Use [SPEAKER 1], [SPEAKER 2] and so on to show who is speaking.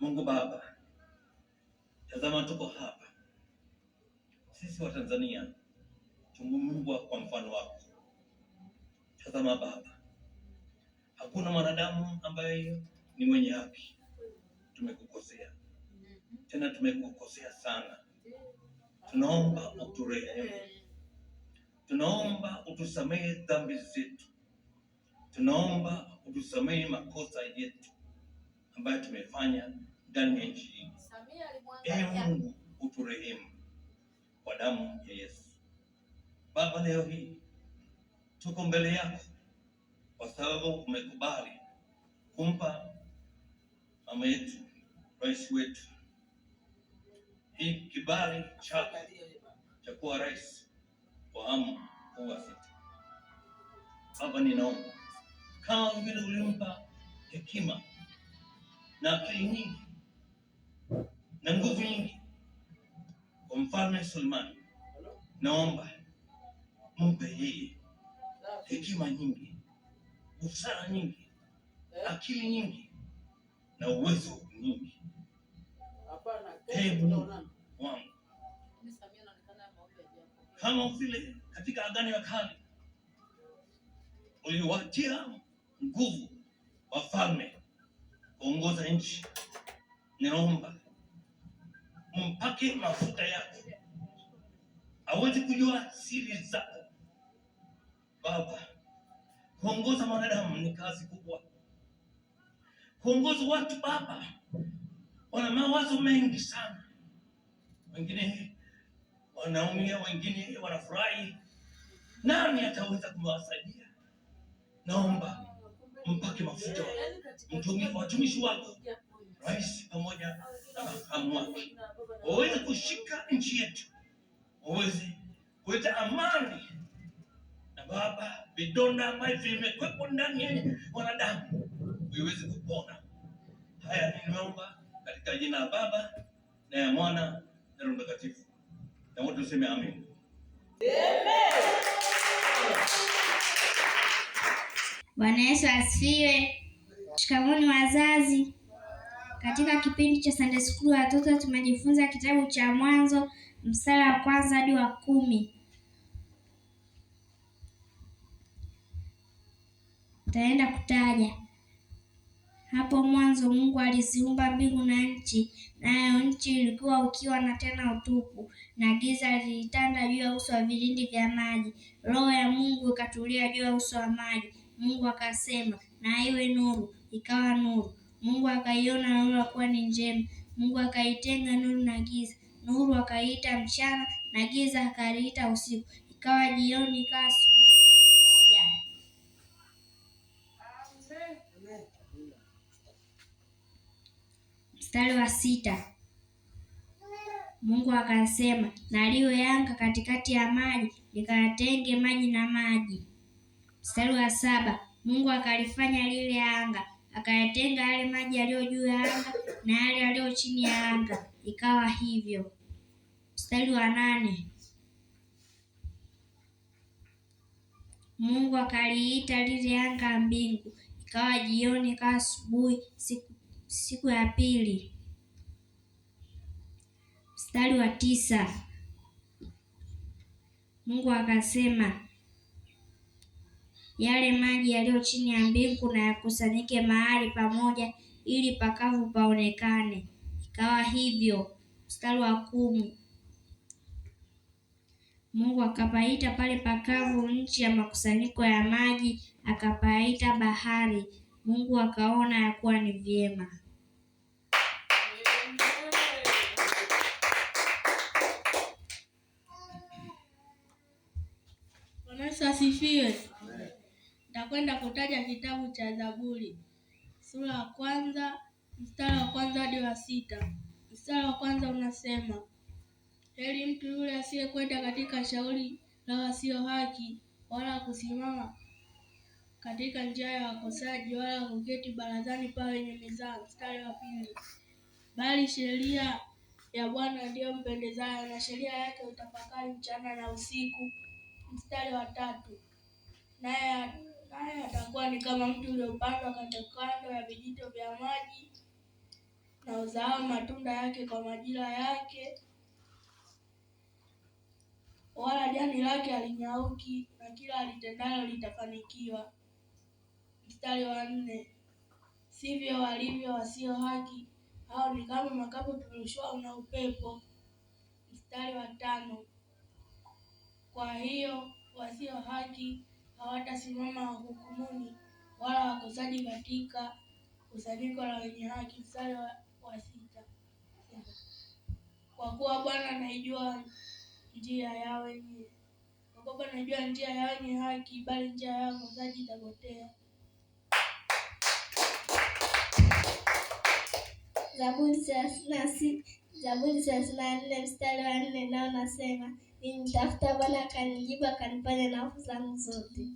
[SPEAKER 1] Mungu Baba, tazama tuko hapa sisi wa Tanzania tungumumbwa kwa mfano wako. Tazama Baba, hakuna mwanadamu ambaye ni mwenye haki. Tumekukosea tena, tumekukosea sana. Tunaomba uturehemu, tunaomba utusamehe dhambi zetu, tunaomba utusamehe makosa yetu ambayo tumefanya ndani ya nchi hii. Ee Mungu, uturehemu kwa damu ya Yesu. Baba, leo hii tuko mbele yako kwa sababu umekubali kumpa mama yetu, rais wetu, hii kibali chako cha kuwa rais wa amu huwa sita. Baba, ninaomba kama vile ulimpa hekima na akili nyingi na nguvu nyingi kwa mfalme Sulemani. Naomba mpe yeye hekima nyingi, busara nyingi, akili nyingi na uwezo mwingi. Ee Mungu wangu, kama vile katika Agano la Kale uliwatia nguvu wafalme kuongoza nchi, ninaomba mpake mafuta yako. aweze kujua siri zako Baba. Kuongoza mwanadamu ni kazi kubwa. Kuongoza watu Baba, wana mawazo mengi sana, wengine wanaumia, wengine wanafurahi. Nani ataweza kuwasaidia? Naomba mpake mafuta watumishi wako, rais pamoja na makamu wake, waweze kushika nchi yetu, waweze kuleta amani. Na Baba, vidonda ambayo vimekwepo ndani ya wanadamu viweze kupona. Haya nimeomba katika jina ya Baba na ya Mwana na Roho Mtakatifu, na wote tuseme amen.
[SPEAKER 2] Amen.
[SPEAKER 3] Bwana Yesu asifiwe. Shikamoni wazazi. Katika kipindi cha Sunday School watoto tumejifunza kitabu cha Mwanzo mstari wa kwanza hadi wa kumi. Taenda kutaja hapo mwanzo Mungu aliziumba mbingu na nchi, nayo nchi ilikuwa ukiwa na tena utupu, na giza lilitanda juu ya uso wa vilindi vya maji. Roho ya Mungu ikatulia juu ya uso wa maji, Mungu akasema, na iwe nuru, ikawa nuru. Mungu akaiona nuru kuwa ni njema. Mungu akaitenga nuru na giza. Nuru akaiita mchana na giza akaliita usiku. Ikawa jioni, ikawa asubuhi moja. Mstari wa sita. Mungu akasema, na liwe anga katikati ya maji, likatenge maji na maji. Mstari wa saba Mungu akalifanya lile anga, akayatenga yale maji yaliyo juu ya anga na yale yaliyo chini ya anga, ikawa hivyo. Mstari wa nane Mungu akaliita lile anga mbingu, ikawa jioni, ikawa asubuhi, siku, siku ya pili. Mstari wa tisa Mungu akasema yale maji yaliyo chini ya mbingu na yakusanyike mahali pamoja, ili pakavu paonekane. Ikawa hivyo. Mstari wa kumi. Mungu akapaita pale pakavu nchi ya makusanyiko ya maji, akapaita bahari. Mungu akaona ya kuwa ni vyema.
[SPEAKER 4] Yesu asifiwe. Nakwenda kutaja kitabu cha Zaburi sura ya kwanza mstari wa kwanza hadi wa sita. Mstari wa kwanza unasema, heri mtu yule asiyekwenda katika shauri la wasio haki, wala kusimama katika njia ya wakosaji, wala kuketi barazani pa wenye mizaa. Mstari wa pili, bali sheria ya Bwana ndiyo mpendezayo, na sheria yake utafakari mchana na usiku. Mstari wa tatu, naye Haya atakuwa ni kama mtu uliopandwa kandokando ya vijito vya maji na uzao matunda yake kwa majira yake, wala jani lake alinyauki, na kila alitendalo litafanikiwa. Mstari wa nne. Sivyo walivyo wasio haki, hao ni kama makapo turushwao na upepo. Mstari wa tano. Kwa hiyo wasio haki hawatasimama hukumuni, wala wakosaji katika kusanyiko la wenye haki. Mstari wa sita, kwa kuwa Bwana anaijua njia ya wenye kwa kuwa Bwana anajua njia ya wenye haki, bali njia ya wakosaji itapotea.
[SPEAKER 5] Zaburi thelathini na sita Zaburi thelathini na nne mstari wa nne nao nasema, nimemtafuta Bwana akanijibu akanifanya na zangu zote